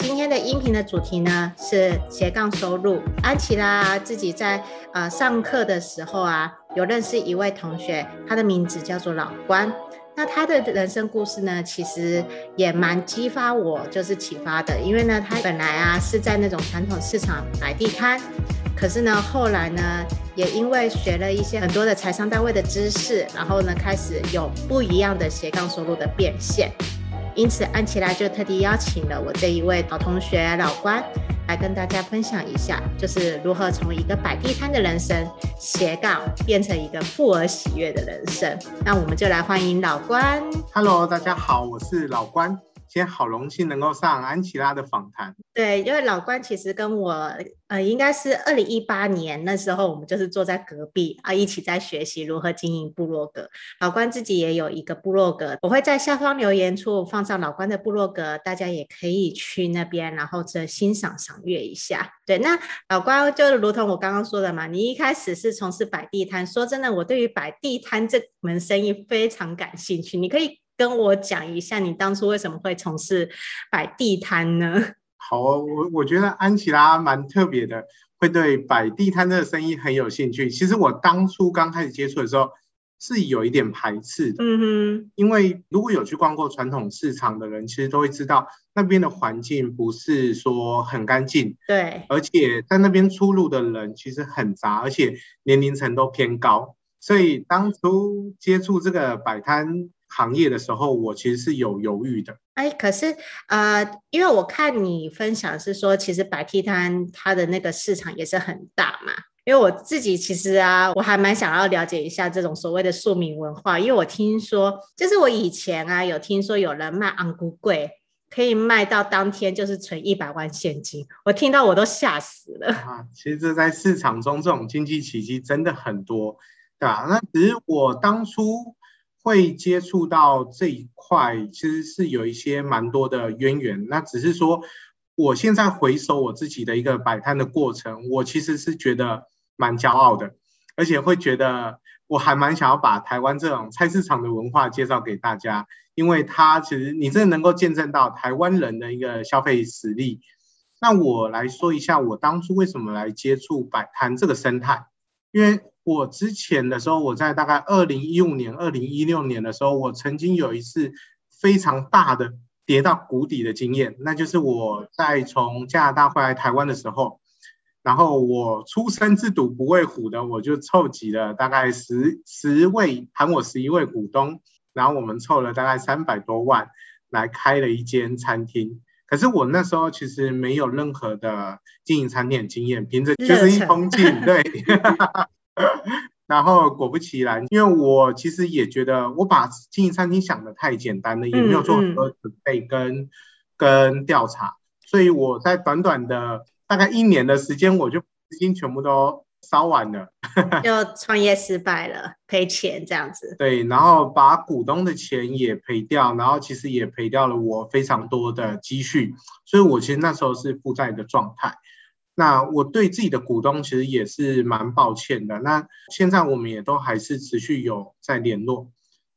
今天的音頻的主題呢是斜槓收入。安琪拉自己在呃上課的時候啊，有認識一位同學，他的名字叫做老官。那他的人生故事呢，其實也蠻激發我，就是啟發的。因為呢，他本來啊是在那種傳統市場擺地攤，可是呢，後來呢，也因為學了一些很多的財商單位的知識，然後呢，開始有不一樣的斜槓收入的變現。因此，安琪拉就特地邀請了我這一位老同學老官，來跟大家分享一下，就是如何從一個擺地攤的人生斜槓，變成一個富而喜悅的人生。那我們就來歡迎老官。Hello，大家好，我是老官。今天好榮幸能夠上安琪拉的訪談。對，因為老官其實跟我，呃，應該是二零一八年那時候，我們就是坐在隔壁啊，一起在學習如何經營部落格。老官自己也有一個部落格，我會在下方留言處放上老官的部落格，大家也可以去那邊，然後去欣賞賞閱一下。對，那老官就如同我剛剛說的嘛，你一開始是從事擺地攤，說真的，我對於擺地攤這門生意非常感興趣，你可以。跟我講一下，你當初為什麼會從事擺地攤呢？好啊，我我覺得安琪拉蠻特別的，會對擺地攤這個生意很有興趣。其實我當初剛開始接觸的時候，是有一點排斥的。嗯哼，因為如果有去逛過傳統市場的人，其實都會知道那邊的環境不是說很乾淨。對。而且在那邊出入的人其實很雜，而且年齡層都偏高，所以當初接觸這個擺攤，行業的時候，我其實是有猶豫的。哎，可是呃，因為我看你分享是說，其實擺地攤它的那個市場也是很大嘛。因為我自己其實啊，我還蠻想要了解一下這種所謂的庶民文化，因為我聽說，就是我以前啊，有聽說有人賣昂貴，可以賣到當天就是存一百萬現金，我聽到我都嚇死了。啊，其實在市場中這種經濟奇跡真的很多，對、啊、那只是我當初。會接觸到這一塊，其實是有一些蠻多的淵源。那只是說，我現在回首我自己的一個擺攤的過程，我其實是覺得蠻驕傲的，而且會覺得我還蠻想要把台灣這種菜市場的文化介紹給大家，因為它其實你真的能夠見證到台灣人的一個消費實力。那我來說一下我當初為什麼來接觸擺攤這個生態，因為。我之前的時候，我在大概二零一五年、二零一六年的時候，我曾經有一次非常大的跌到谷底的經驗，那就是我在從加拿大回來台灣的時候，然後我出生自賭不畏虎、初生之犢不畏虎的，我就湊集了大概十十位含我十一位股東，然後我們湊了大概三百多萬來開了一間餐廳。可是我那時候其實沒有任何的經營餐廳經驗，憑着就是一封信對。 然後果不其然，因為我其實也覺得我把經營餐廳想得太簡單了，嗯、也沒有做很多準備跟、嗯、跟調查，所以我在短短的大概一年的時間，我就資金全部都燒完了，就創業失敗了， 賠錢這樣子。對，然後把股東的錢也賠掉，然後其實也賠掉了我非常多的積蓄，所以我其實那時候是負債的狀態。那我對自己的股東其實也是蠻抱歉的。那現在我們也都還是持續有在聯絡。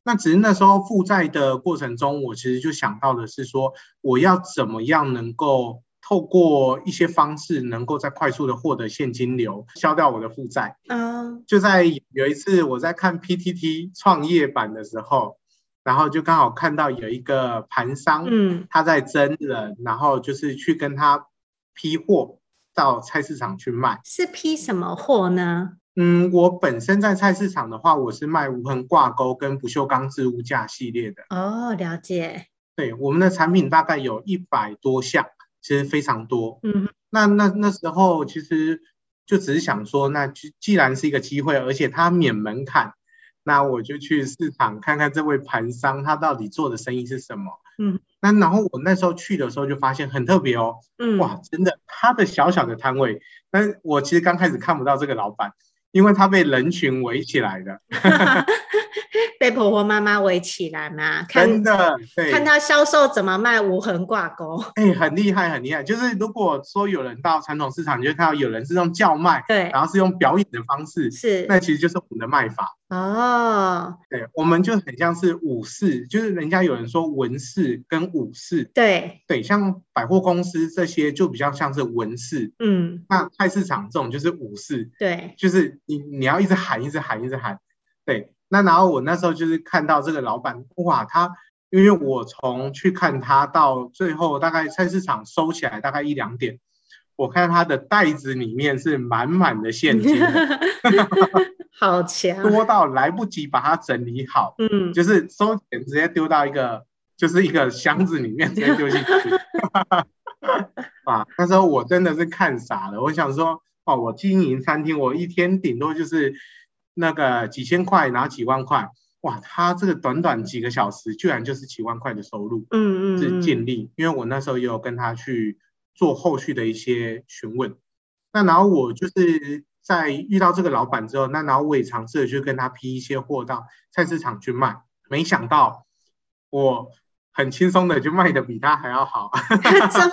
那只是那時候負債的過程中，我其實就想到的是說，我要怎麼樣能夠透過一些方式，能夠再快速的獲得現金流，消掉我的負債。嗯，就在有一次我在看 PTT 創業板的時候，然後就剛好看到有一個盤商，嗯，他在徵人，然後就是去跟他批貨。到菜市場去賣，是批什麼貨呢？嗯，我本身在菜市場的話，我是賣無痕掛鈎跟不鏽鋼置物架系列的。哦，了解。對，我們的產品大概有一百多項，其實非常多。嗯，那那那時候其實就只是想說，那既然是一個機會，而且它免門檻，那我就去市場看看這位盤商他到底做的生意是什麼。嗯，那然後我那時候去的時候就發現很特別哦，嗯，哇，真的，他的小小的攤位，但是我其實剛開始看不到這個老闆，因為他被人群圍起來的。 被婆婆媽媽圍起來嘛？看真的，對看她銷售怎麼賣無痕掛鈎。哎、欸，很厲害，很厲害。就是如果說有人到傳統市場，你就看到有人是用叫賣，對，然後是用表演的方式，是，那其實就是我們的賣法。哦，對，我們就很像是武士，就是人家有人說文士跟武士，對，對，像百貨公司這些就比較像是文士，嗯，那菜市場這種就是武士，對，就是你你要一直喊，一直喊，一直喊，直喊對。那然後我那時候就是看到這個老闆，哇，他因為我從去看他到最後，大概菜市場收起來大概一兩點，我看他的袋子裡面是滿滿的現金的，好強，多到來不及把它整理好，嗯，就是收錢直接丟到一個、嗯、就是一個箱子裡面直接丟進去，啊， 那時候我真的是看傻了，我想說，哦，我經營餐廳，我一天頂多就是。那個幾千塊，然後幾萬塊，哇！他這個短短幾個小時，居然就是幾萬塊的收入，嗯嗯，是盡力。因為我那時候也有跟他去做後續的一些詢問，那然後我就是在遇到這個老板之後，那然後我也嘗試去跟他批一些貨到菜市場去賣，沒想到我。很輕鬆的就賣的比他還要好 這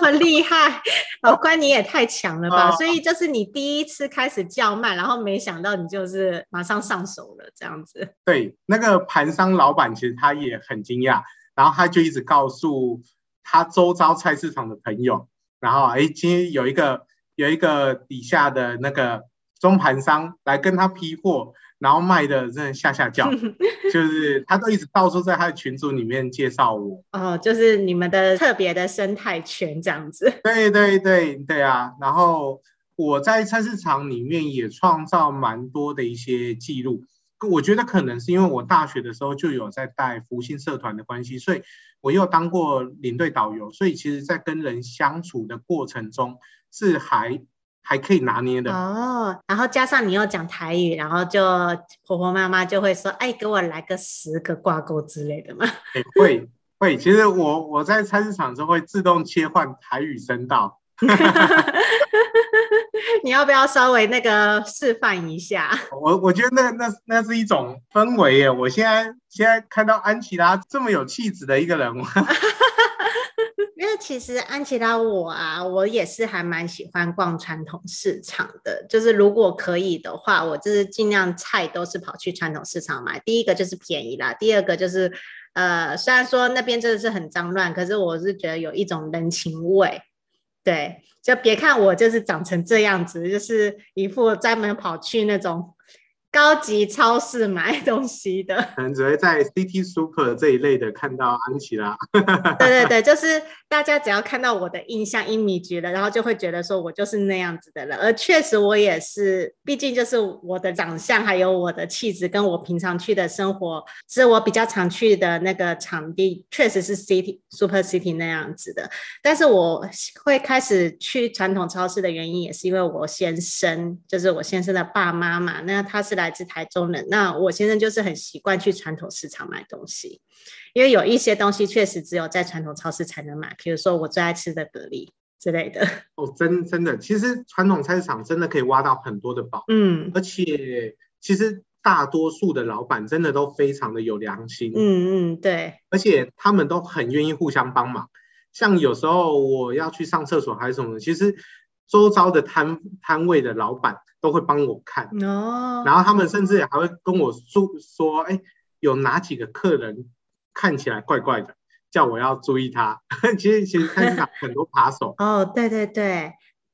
麼厲害，老官你也太強了吧。哦，所以就是你第一次開始叫賣，然後沒想到你就是馬上上手了這樣子。對，那個盤商老板其實他也很驚訝，然後他就一直告訴他周遭菜市場的朋友，然後誒，今天有一個有一個底下的那個中盤商來跟他批貨。然後賣的真的嚇嚇叫， 就是他都一直到處在他的群組裡面介紹我。哦，就是你們的特別的生態圈這樣子。對對對對啊！然後我在菜市場裡面也創造蠻多的一些記錄。我覺得可能是因為我大學的時候就有在帶福星社團的關係，所以我又當過領隊導遊。所以其實，在跟人相處的過程中，是還。還可以拿捏的，哦，然後加上你又講台語，然後就婆婆媽媽就會說：“哎、欸，給我來個十個掛鈎之類的嘛。欸”哎，會會，其實我我在菜市場就會自動切換台語聲道。 你要不要稍微那個示範一下？我我覺得那那那是一種氛圍耶！我現在現在看到安琪拉這麼有氣質的一個人 因為其實安琪拉我啊，我也是還蠻喜歡逛傳統市場的，就是如果可以的話，我就是盡量菜都是跑去傳統市場買。第一個就是便宜啦，第二個就是，呃，雖然說那邊真的是很髒亂，可是我是覺得有一種人情味。對，就別看我就是長成這樣子，就是一副專門跑去那種。高級超市買東西的，可能只會在 City Super 這一類的看到安琪拉。 對對對，就是大家只要看到我的印象，image 了，然後就會覺得說我就是那樣子的人，而確實我也是，畢竟就是我的長相還有我的氣質，跟我平常去的生活，是我比較常去的那個場地，確實是 City Super City 那樣子的。但是我會開始去傳統超市的原因，也是因為我先生，就是我先生的爸媽嘛，那他是。來自台中人，那我先生就是很習慣去傳統市場買東西，因為有一些東西確實只有在傳統超市才能買，比如說我最愛吃的蛤蜊之類的。哦，真真的，其實傳統菜市場真的可以挖到很多的寶。嗯，而且其實大多數的老闆真的都非常的有良心。嗯嗯，對。而且他們都很願意互相幫忙，像有時候我要去上廁所還是什麼，其實。周遭的攤攤位的老闆都會幫我看，oh, 然後他們甚至還會跟我說，oh. 說，哎，有哪幾個客人看起來怪怪的，叫我要注意他。其實其實看起來很多扒手哦，oh, 對對對，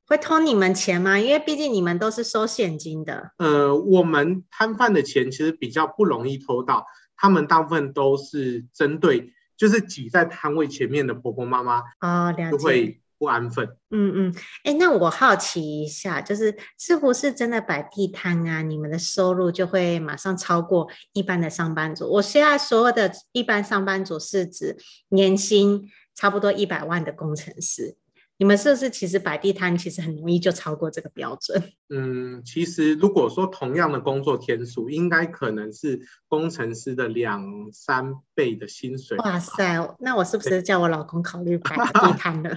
會偷你們錢嗎？因為畢竟你們都是收現金的。呃，我們攤販的錢其實比較不容易偷到，他們大部分都是針對就是擠在攤位前面的婆婆媽媽啊，oh, 就會。不安分嗯，嗯嗯，哎、欸，那我好奇一下，就是是不是真的擺地攤啊，你們的收入就會馬上超過一般的上班族？我現在說的“一般上班族”是指年薪差不多一百萬的工程師。你們是不是其實擺地攤其實很容易就超過這個標準？嗯，其實如果說同樣的工作天數，應該可能是工程師的兩三倍的薪水。哇塞，那我是不是叫我老公考慮擺地攤呢？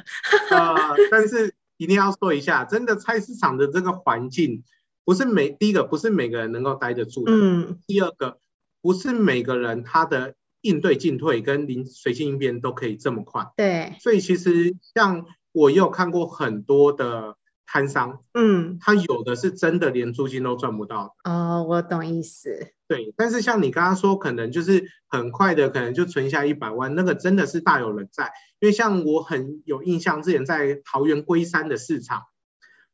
啊、 呃，但是一定要說一下，真的菜市場的這個環境，不是每第一個不是每個人能夠待得住的。嗯。第二個不是每個人他的應對進退跟臨隨機應變都可以這麼快。對。所以其實像。我也有看過很多的攤商，嗯，他有的是真的連租金都賺不到。哦，我懂意思。對，但是像你剛剛說，可能就是很快的，可能就存下一百萬，那個真的是大有人在。因為像我很有印象，之前在桃園龜山的市場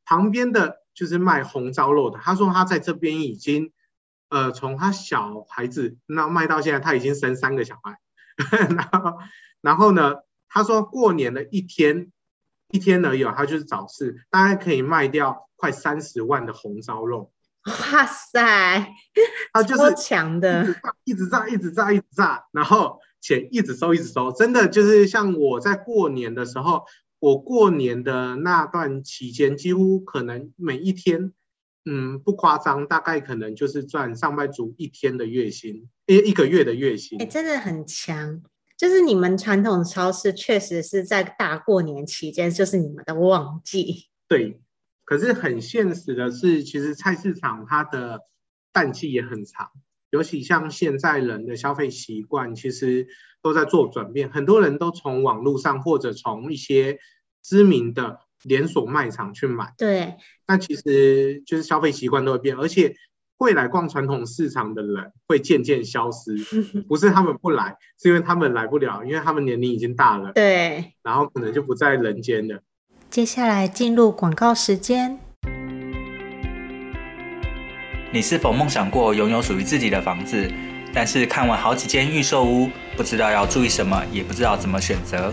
旁邊的就是賣紅糟肉的，他說他在這邊已經，呃，從他小孩子那賣到現在，他已經生三個小孩， 然後，然後呢，他說過年的一天。一天而已，他就是早市，大概可以賣掉快三十萬的紅燒肉。哇塞，他就是強的，一直炸，一直炸，一直炸，然後錢一直收，一直收。真的就是像我在過年的時候，我過年的那段期間，幾乎可能每一天，嗯，不誇張，大概可能就是賺上班族一天的月薪，一一個月的月薪。哎，欸，真的很強。就是你們傳統超市確實是在大過年期間，就是你們的旺季。對，可是很現實的是，其實菜市場它的淡季也很長。尤其像現在人的消費習慣，其實都在做轉變，很多人都從網絡上或者從一些知名的連鎖賣場去買。對，那其實就是消費習慣都會變，而且。未來逛傳統市場的人會漸漸消失，不是他們不來，是因為他們來不了，因為他們年齡已經大了。對，然後可能就不在人間了。接下來進入廣告時間。你是否夢想過擁有屬於自己的房子？但是看完好幾間預售屋，不知道要注意什麼，也不知道怎麼選擇。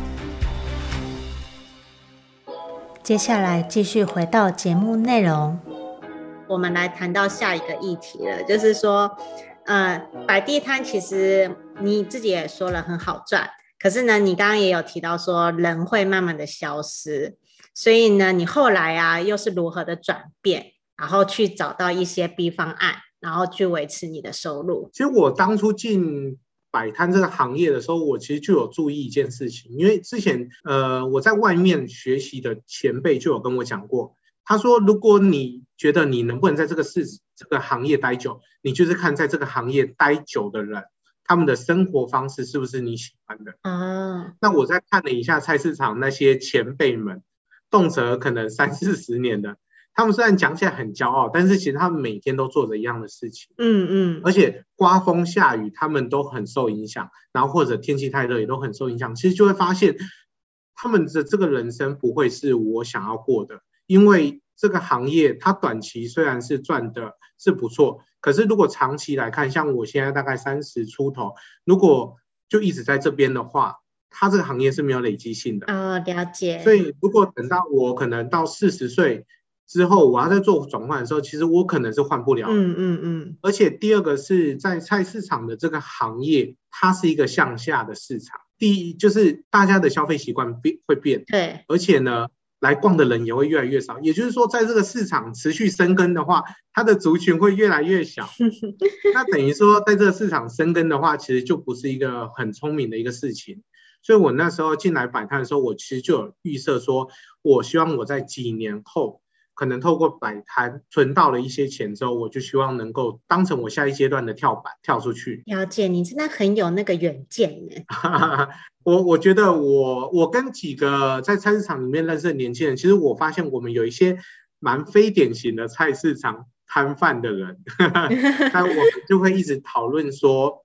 接下來繼續回到節目內容，我們來談到下一個議題了，就是說，呃，擺地攤其實你自己也說了很好賺，可是呢，你剛剛也有提到說人會慢慢的消失，所以呢，你後來啊又是如何的轉變，然後去找到一些 B 方案，然後去維持你的收入？其實我當初進擺攤這個行業的時候，我其實就有注意一件事情，因為之前呃我在外面學習的前輩就有跟我講過，他說如果你覺得你能不能在這個市這個行業待久，你就是看在這個行業待久的人，他們的生活方式是不是你喜歡的嗯。Uh-huh. 那我再看了一下菜市場那些前輩們，動輒可能三四十年的。他們雖然講起來很驕傲，但是其實他們每天都做着一樣的事情。嗯嗯，而且颳風下雨，他們都很受影響；然後或者天氣太熱，也都很受影響。其實就會發現，他們的這個人生不會是我想要過的，因為這個行業它短期雖然是賺的是不錯，可是如果長期來看，像我現在大概三十出頭，如果就一直在這邊的話，它這個行業是沒有累積性的。哦，了解。所以如果等到我可能到四十歲，之後我要再做轉換的時候，其實我可能是換不了的。嗯嗯嗯。而且第二個是在菜市場的這個行業，它是一個向下的市場。第一就是大家的消費習慣變會變。對。而且呢，來逛的人也會越來越少。也就是說，在這個市場持續生根的話，它的族群會越來越小。 那等於說，在這個市場生根的話，其實就不是一個很聰明的一個事情。所以我那時候進來擺攤的時候，我其實就有預設，說我希望我在幾年後。可能透過擺攤存到了一些錢之後，我就希望能夠當成我下一階段的跳板，跳出去。了解，你真的很有那個遠見耶！ 我我覺得我我跟幾個在菜市場裡面認識的年輕人，其實我發現我們有一些蠻非典型的菜市場攤販的人，那 我們就會一直討論說，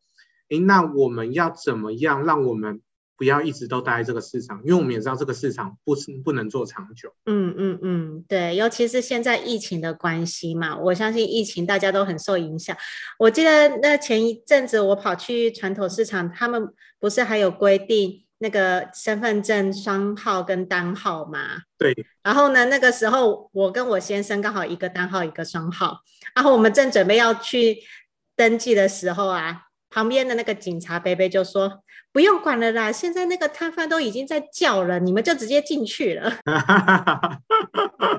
哎、欸，那我們要怎麼樣讓我們？不要一直都待在這個市場，因為我們也知道這個市場不是不能做長久。嗯嗯嗯，對，尤其是現在疫情的關係嘛，我相信疫情大家都很受影響。我記得那前一陣子我跑去傳統市場，他們不是還有規定那個身份證雙號跟單號嗎？對。然後呢，那個時候我跟我先生剛好一個單號一個雙號，然後我們正準備要去登記的時候啊，旁邊的那個警察伯伯就說。不用管了啦！現在那個攤販都已經在叫了，你們就直接進去了。啊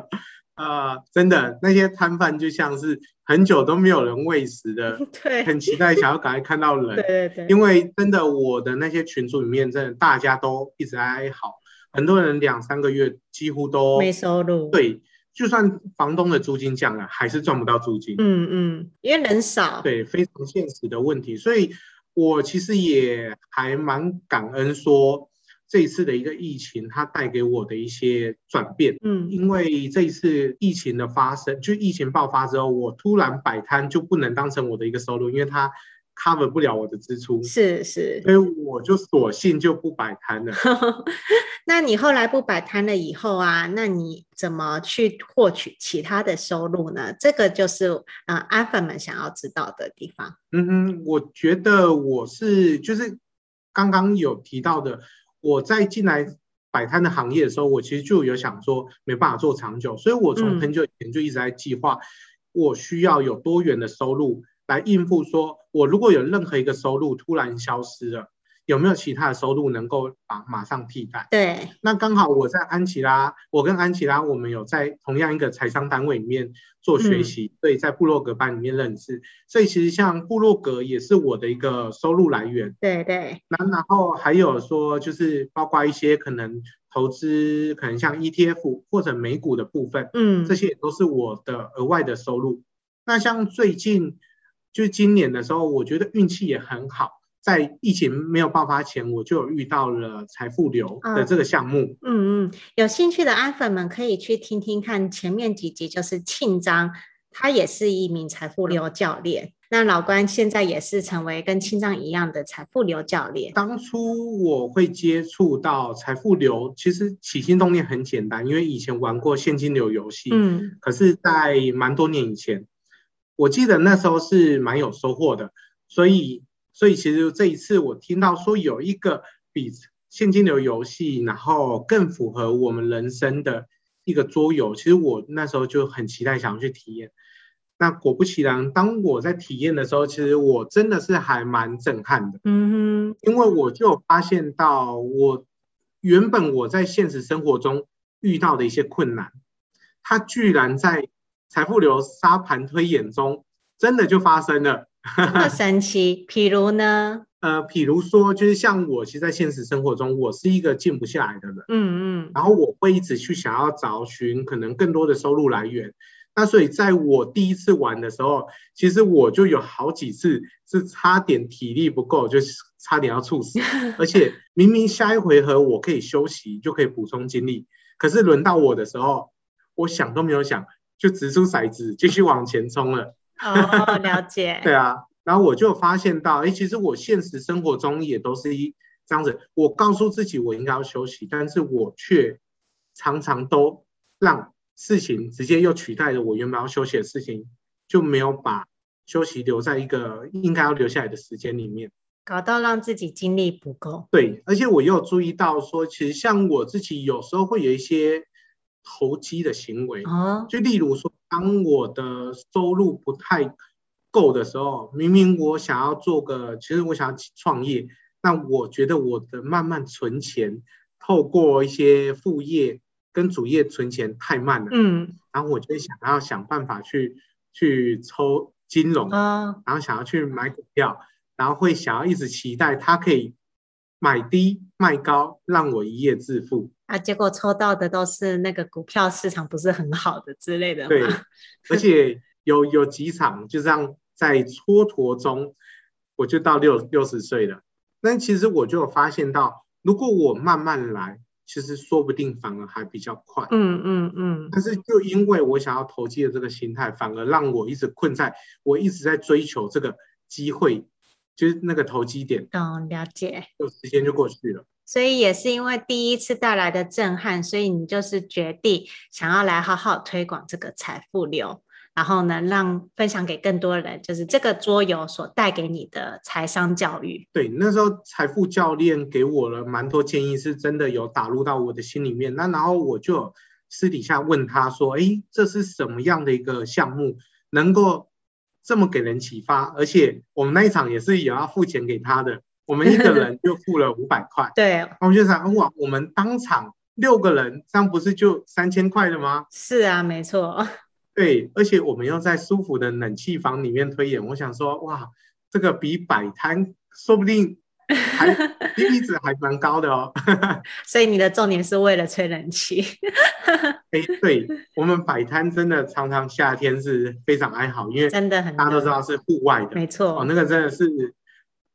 呃，真的，那些攤販就像是很久都沒有人餵食的，對，很期待想要趕快看到人。對對對，因為真的，我的那些群組裡面真的大家都一直在哀嚎，很多人兩三個月幾乎都沒收入。對，就算房東的租金降了，還是賺不到租金。嗯嗯，因為人少。對，非常現實的問題，所以。我其實也還蠻感恩，說這一次的一個疫情，它帶給我的一些轉變。嗯，因為這一次疫情的發生，就疫情爆發之後，我突然擺攤就不能當成我的一個收入，因為它。cover 不了我的支出，是是，所以我就索性就不擺攤了。 那你後來不擺攤了以後啊，那你怎麼去獲取其他的收入呢？這個就是呃，阿粉們想要知道的地方。嗯嗯，我覺得我是就是剛剛有提到的，我在進來擺攤的行業的時候，我其實就有想說沒辦法做長久，所以我從很久以前就一直在計劃，嗯，我需要有多元的收入。來應付，說我如果有任何一個收入突然消失了，有沒有其他的收入能夠馬馬上替代？對，那剛好我在安琪拉，我跟安琪拉我們有在同樣一個財商單位裡面做學習，嗯，所以在部落格班裡面認識，所以其實像部落格也是我的一個收入來源。對對，那然後還有說，就是包括一些可能投資，可能像 ETF 或者美股的部分，嗯，這些也都是我的額外的收入。那像最近。就是今年的時候，我覺得運氣也很好，在疫情沒有爆發前，我就有遇到了財富流的這個項目。嗯嗯，有興趣的阿粉們可以去聽聽看前面幾集，就是慶章，他也是一名財富流教練。嗯、那老關現在也是成為跟慶章一樣的財富流教練。當初我會接觸到財富流，其實起心動念很簡單，因為以前玩過現金流遊戲。嗯，可是，在蠻多年以前。我記得那時候是蠻有收穫的，所以所以其實這一次我聽到說有一個比現金流遊戲然後更符合我們人生的一個桌遊，其實我那時候就很期待想要去體驗。那果不其然，當我在體驗的時候，其實我真的是還蠻震撼的。嗯哼，因為我就發現到我原本我在現實生活中遇到的一些困難，它居然在財富流沙盤推演中，真的就發生了，那麼 神奇。比如呢？呃，比如說，就是像我，其實，在現實生活中，我是一個靜不下來的人，嗯嗯。然後我會一直去想要找尋可能更多的收入來源。那所以，在我第一次玩的時候，其實我就有好幾次是差點體力不夠，就是差點要猝死。 而且明明下一回合我可以休息，就可以補充精力，可是輪到我的時候，我想都沒有想。就擲出骰子，繼續往前衝了。哦，了解。 對啊，然後我就發現到，哎、欸，其實我現實生活中也都是一這樣子。我告訴自己我應該要休息，但是我卻常常都讓事情直接又取代了我原本要休息的事情，就沒有把休息留在一個應該要留下來的時間裡面，搞到讓自己精力不夠。對，而且我又注意到說，其實像我自己有時候會有一些。投機的行為啊，就例如說，當我的收入不太夠的時候，明明我想要做個，其實我想要創業，那我覺得我的慢慢存錢，透過一些副業跟主業存錢太慢了，嗯，然後我就會想要想辦法去去抽金融啊，然後想要去買股票，然後會想要一直期待它可以買低賣高，讓我一夜致富。啊，結果抽到的都是那個股票市場不是很好的之類的。對，而且有有幾場 就這樣在蹉跎中，我就到六六十歲了。但其實我就有發現到，如果我慢慢來，其實說不定反而還比較快。嗯嗯嗯。但是就因為我想要投機的這個心態，反而讓我一直困在我一直在追求這個機會，就是那個投機點。懂、嗯，了解。就時間就過去了。所以也是因為第一次帶來的震撼，所以你就是決定想要來好好推廣這個財富流，然後呢，讓分享給更多人，就是這個桌遊所帶給你的財商教育。對，那時候財富教練給我了蠻多建議，是真的有打入到我的心裡面。那然後我就私底下問他說：“欸，這是什麼樣的一個項目，能夠這麼給人啟發？而且我們那一場也是也要付錢給他的。” 我們一個人就付了五百塊。對，我們就想哇，我們當場六個人，這樣不是就三千塊的嗎？是啊，沒錯。對，而且我們又在舒服的冷氣房裡面推演，我想說，哇，這個比擺攤說不定還利值， 比比還蠻高的哦。 所以你的重點是為了吹冷氣。哎、 欸，對，我們擺攤真的常常夏天是非常哀嚎，因為真的很大家都知道是戶外的，的沒錯、哦，那個真的是。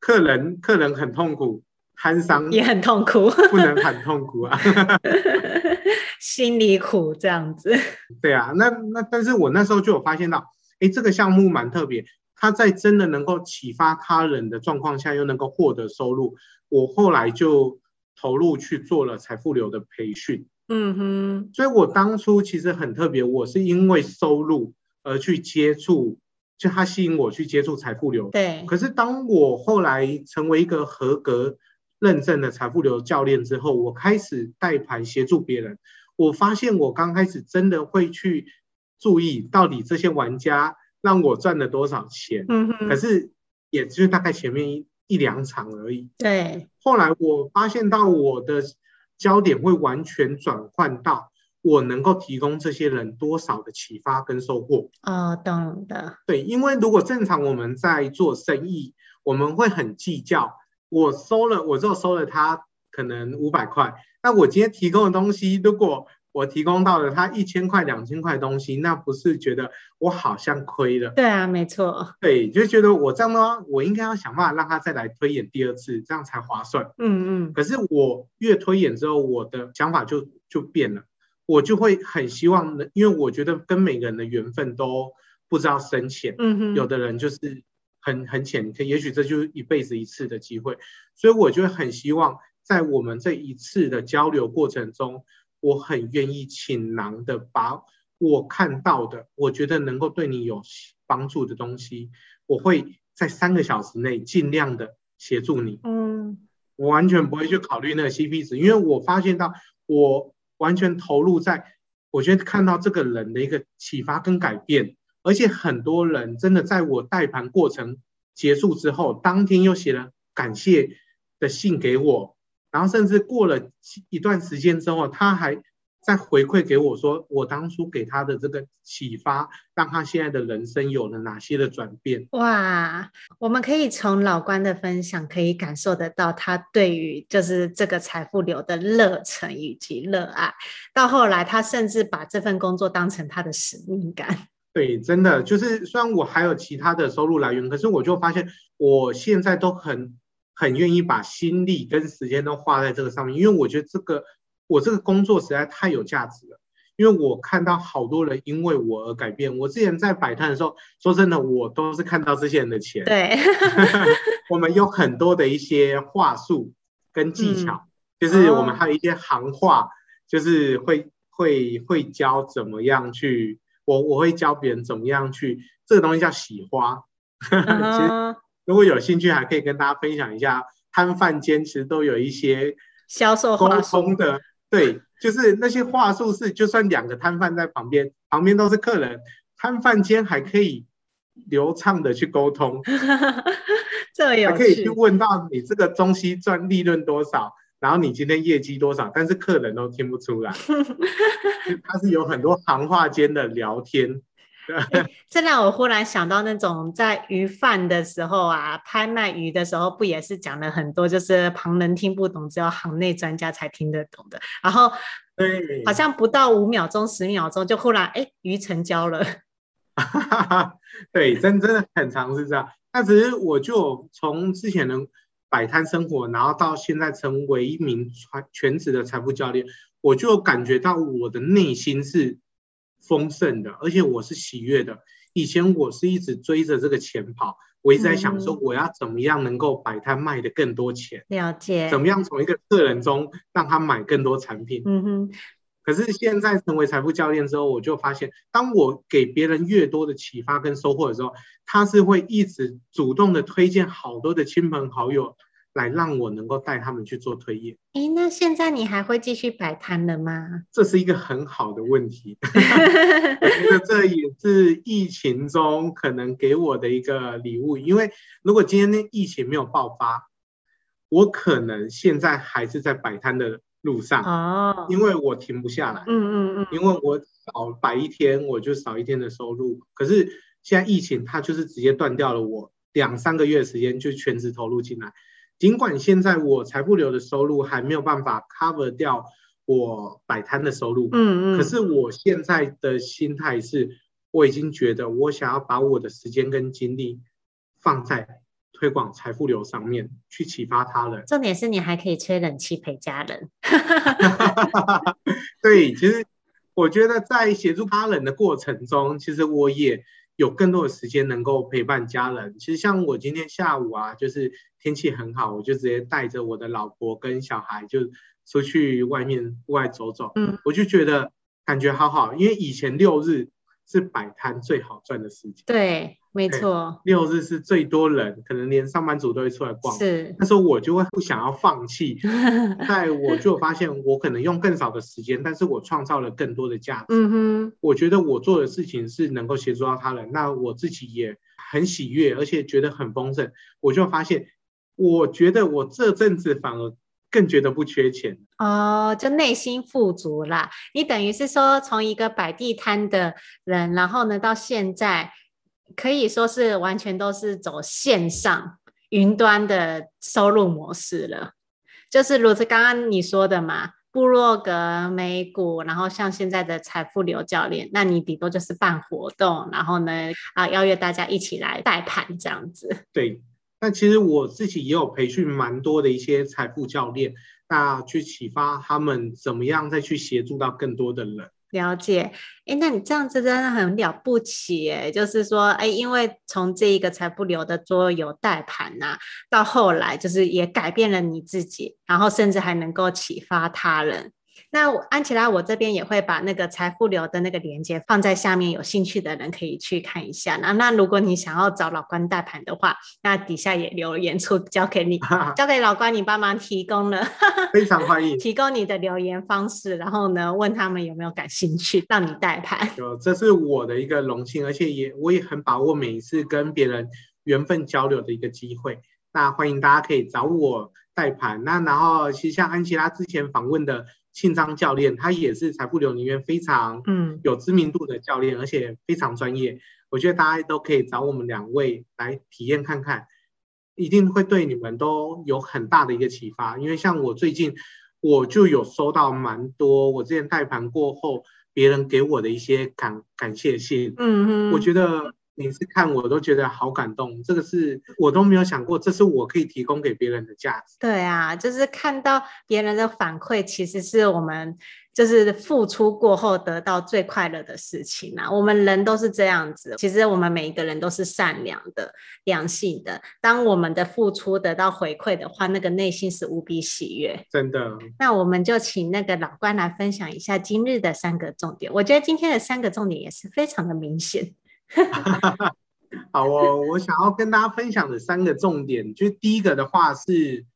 客人，客人很痛苦，喊傷也很痛苦， 不能喊痛苦啊， 心裡苦這樣子。對啊，那那但是我那時候就有發現到，哎、欸，這個項目蠻特別，它在真的能夠啟發他人的狀況下，又能夠獲得收入。我後來就投入去做了財富流的培訓。嗯哼。所以我當初其實很特別，我是因為收入而去接觸。就它吸引我去接觸財富流。對。可是當我後來成為一個合格認證的財富流教練之後，我開始帶盤協助別人，我發現我剛開始真的會去注意到底這些玩家讓我賺了多少錢。嗯哼。可是也就大概前面一，一兩場而已。對。後來我發現到我的焦點會完全轉換到。我能夠提供這些人多少的啟發跟收穫？哦，懂的。對，因為如果正常我們在做生意，我們會很計較，我收了，我就收了他可能五百塊。那我今天提供的東西，如果我提供到了他一千塊、兩千塊東西，那不是覺得我好像虧了？對啊，沒錯。對，就覺得我這樣的話，我應該要想辦法讓他再來推演第二次，這樣才划算。嗯嗯。可是我越推演之後，我的想法就就變了。我就會很希望，因為我覺得跟每個人的緣分都不知道深淺，嗯，有的人就是很很淺，可也許這就是一輩子一次的機會，所以我就會很希望在我們這一次的交流過程中，我很願意傾囊的把我看到的，我覺得能夠對你有幫助的東西，我會在三個小時內盡量的協助你，嗯，我完全不會去考慮那個 CP 值，因為我發現到我完全投入在，我覺得看到這個人的一個啟發跟改變，而且很多人真的在我帶盤過程結束之後，當天又寫了感謝的信給我，然後甚至過了一段時間之後，他還。在回饋給我說，我當初給他的這個啟發，讓他現在的人生有了哪些的轉變。哇，我們可以從老官的分享可以感受得到，他對於就是這個財富流的熱忱以及熱愛，到後來他甚至把這份工作當成他的使命感。對，真的就是，雖然我還有其他的收入來源，可是我就發現我現在都很很願意把心力跟時間都花在這個上面，因為我覺得這個。我這個工作實在太有價值了，因為我看到好多人因為我而改變。我之前在擺攤的時候，說真的，我都是看到這些人的錢。對 ，我們有很多的一些話術跟技巧、嗯，就是我們還有一些行話，嗯、就是會、哦、會會教怎麼樣去，我我會教別人怎麼樣去。這個東西叫喜花， 其實如果有興趣，還可以跟大家分享一下。攤販間其實都有一些銷售溝通的。對，就是那些話術是，就算兩個攤販在旁邊，旁邊都是客人，攤販間還可以流暢的去溝通， 這有趣，還可以去問到你這個東西賺利潤多少，然後你今天業績多少，但是客人都聽不出來， 他是有很多行話間的聊天。 這讓我忽然想到，那種在魚販的時候啊，拍賣魚的時候，不也是講了很多，就是旁人聽不懂，只有行內專家才聽得懂的。然後，對，好像不到五秒鐘、十秒鐘，就忽然哎，魚成交了。 對，真的真的很常是這樣。那 其實我就從之前的擺攤生活，然後到現在成為一名全全職的財富教練，我就感覺到我的內心是。豐盛的，而且我是喜悅的。以前我是一直追着這個錢跑，我一直在想說我要怎麼樣能夠擺攤賣得更多錢，嗯，了解，怎麼樣從一個客人中讓他買更多產品？嗯哼。可是現在成為財富教練之後，我就發現，當我給別人越多的啟發跟收穫的時候，他是會一直主動的推薦好多的親朋好友。來讓我能夠帶他們去做推演。哎，那現在你還會繼續擺攤的嗎？這是一個很好的問題， 我覺得這也是疫情中可能給我的一個禮物。因為如果今天那疫情沒有爆發，我可能現在還是在擺攤的路上、哦，因為我停不下來。嗯嗯嗯，因為我少擺一天，我就少一天的收入。可是現在疫情，它就是直接斷掉了我兩三個月的時間，就全職投入進來。儘管現在我財富流的收入還沒有辦法 cover 掉我擺攤的收入，嗯嗯，可是我現在的心態是，我已經覺得我想要把我的時間跟精力放在推廣財富流上面，去啟發他人。重點是，你還可以吹冷氣陪家人。 對，其實我覺得在協助他人的過程中，其實我也。有更多的時間能夠陪伴家人。其實像我今天下午啊，就是天氣很好，我就直接帶着我的老婆跟小孩就出去外面戶外走走。嗯，我就覺得感覺好好，因為以前六日。是擺攤最好賺的時間。對，沒錯。欸，六日是最多人，可能連上班族都會出來逛。是，但是我就會不想要放棄， 但我就發現我可能用更少的時間， 但是我創造了更多的價值。嗯哼，我覺得我做的事情是能夠協助到他人，那我自己也很喜悅，而且覺得很豐盛。我就發現，我覺得我這陣子反而。更覺得不缺錢哦，oh, 就內心富足啦。你等於是說，從一個擺地攤的人，然後呢，到現在可以說是完全都是走線上雲端的收入模式了。就是如此，剛剛你說的嘛，部落格、美股，然後像現在的財富流教練，那你頂多就是辦活動，然後呢，啊，邀約大家一起來帶盤這樣子。對。那其實我自己也有培訓蠻多的一些財富教練，那去啟發他們怎麼樣再去協助到更多的人。了解。哎，那你這樣子真的很了不起哎！就是說哎，因為從這一個財富流的桌遊帶盤吶、啊，到後來就是也改變了你自己，然後甚至還能夠啟發他人。那我安琪拉，我這邊也會把那個財富流的那個鏈接放在下面，有興趣的人可以去看一下。那那如果你想要找老官帶盤的話，那底下也留言處交給你， 交給老官，你幫忙提供了，非常歡迎， 提供你的留言方式，然後呢，問他們有沒有感興趣，讓你帶盤。有，這是我的一個榮幸，而且也我也很把握每一次跟別人緣分交流的一個機會。那歡迎大家可以找我帶盤。那然後其實像安琪拉之前訪問的。慶章教練，他也是財富流裡面非常嗯有知名度的教練，嗯，而且非常專業。我覺得大家都可以找我們兩位來體驗看看，一定會對你們都有很大的一個啟發。因為像我最近我就有收到蠻多，我之前帶盤過後別人給我的一些感感謝信，嗯嗯，我覺得。每次看我都覺得好感動，這個是我都沒有想過，這是我可以提供給別人的價值。對啊，就是看到別人的反饋，其實是我們就是付出過後得到最快樂的事情啦、啊。我們人都是這樣子，其實我們每一個人都是善良的、良性的。當我們的付出得到回饋的話，那個內心是無比喜悅。真的。那我們就請那個老官來分享一下今日的三個重點。我覺得今天的三個重點也是非常的明顯。 好哦，我我想要跟大家分享的三個重點， 就第一個的話是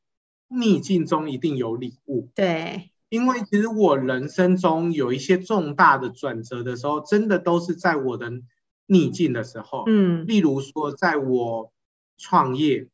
逆境中一定有禮物。對，因為其實我人生中有一些重大的轉折的時候，真的都是在我的逆境的時候。嗯，例如說，在我創業，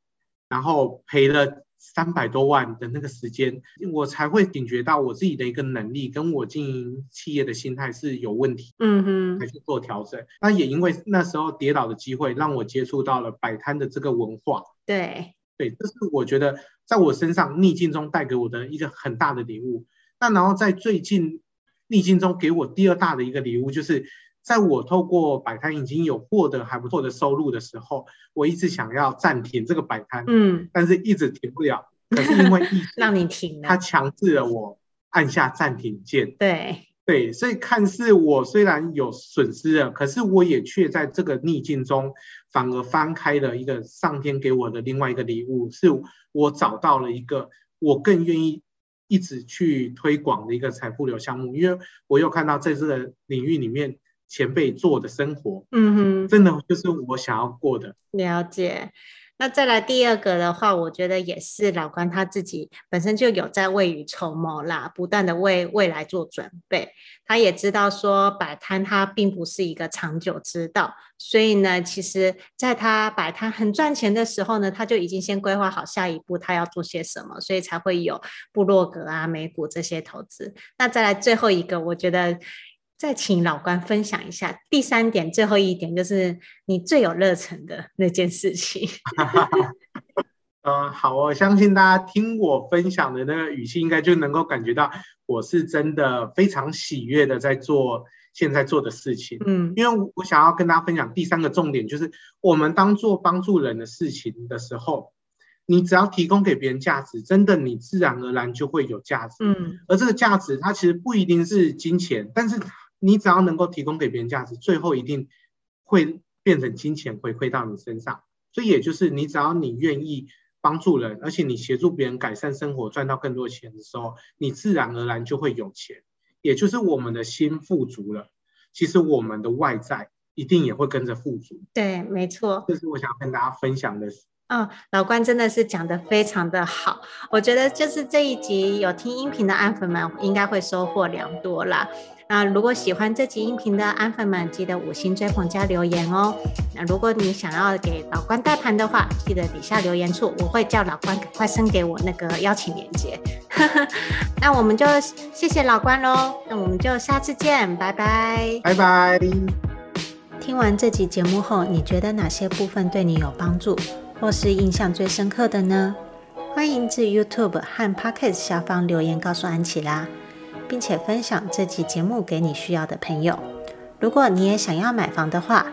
然後賠了。三百多萬的那個時間，我才會警覺到我自己的一個能力跟我經營企業的心態是有問題，嗯嗯，才去做調整。那也因為那時候跌倒的機會，讓我接觸到了擺攤的這個文化。對對，這是我覺得在我身上逆境中帶給我的一個很大的禮物。那然後在最近逆境中給我第二大的一個禮物就是。在我透過擺攤已經有獲得還不錯的收入的時候，我一直想要暫停這個擺攤，嗯，但是一直停不了。可是因為疫情 讓你停，他強制了我按下暫停鍵。對對，所以看似我雖然有損失了，可是我也卻在這個逆境中，反而翻開了一個上天給我的另外一個禮物，是我找到了一個我更願意一直去推廣的一個財富流項目，因為我又看到在這個領域裡面。前輩做的生活，嗯哼，真的就是我想要過的。了解，那再來第二個的話，我覺得也是老官他自己本身就有在未雨綢繆啦，不斷的為未來做準備。他也知道說擺攤他並不是一個長久之道，所以呢，其實在他擺攤很賺錢的時候呢，他就已經先規劃好下一步他要做些什麼，所以才會有部落格啊、美股這些投資。那再來最後一個，我覺得。再請老關分享一下第三點，最後一點就是你最有熱忱的那件事情 嗯、 呃，好，我，哦，相信大家聽我分享的那個語氣，應該就能夠感覺到我是真的非常喜悅的在做現在做的事情。嗯，因為我想要跟大家分享第三個重點，就是我們當做幫助人的事情的時候，你只要提供給別人價值，真的你自然而然就會有價值。嗯，而這個價值它其實不一定是金錢，但是你只要能夠提供給別人價值，最後一定會變成金錢回饋到你身上。所以，也就是你只要你願意幫助人，而且你協助別人改善生活、賺到更多錢的時候，你自然而然就會有錢。也就是我們的心富足了，其實我們的外在一定也會跟着富足。對，沒錯，這是我想跟大家分享的。嗯，老官真的是講得非常的好。我覺得就是這一集有聽音頻的安粉們，應該會收穫良多啦。那、啊、如果喜歡這集音頻的安粉們，記得五星追捧加留言哦。那如果你想要給老關帶盤的話，記得底下留言處，我會叫老關趕快 send 給我那個邀請鏈接。 那我們就謝謝老關嘍，那我們就下次見，拜拜，拜拜。聽完這集節目後，你覺得哪些部分對你有幫助，或是印象最深刻的呢？歡迎至 YouTube 和 Pocket 下方留言告訴安琪拉。並且分享這集節目給你需要的朋友。如果你也想要買房的話，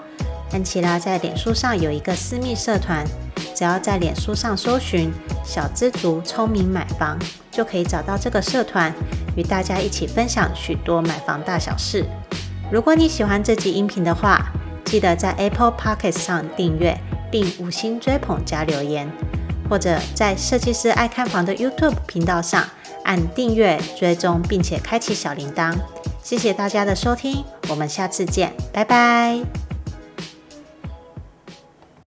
安琪拉在臉書上有一個私密社團，只要在臉書上搜尋“小知足聰明買房”，就可以找到這個社團，與大家一起分享許多買房大小事。如果你喜歡這集音頻的話，記得在 Apple Podcast 上訂閱，並五星追捧加留言，或者在設計師愛看房的 YouTube 頻道上。按訂閱、追蹤，並且開啟小鈴鐺。謝謝大家的收聽，我們下次見，拜拜。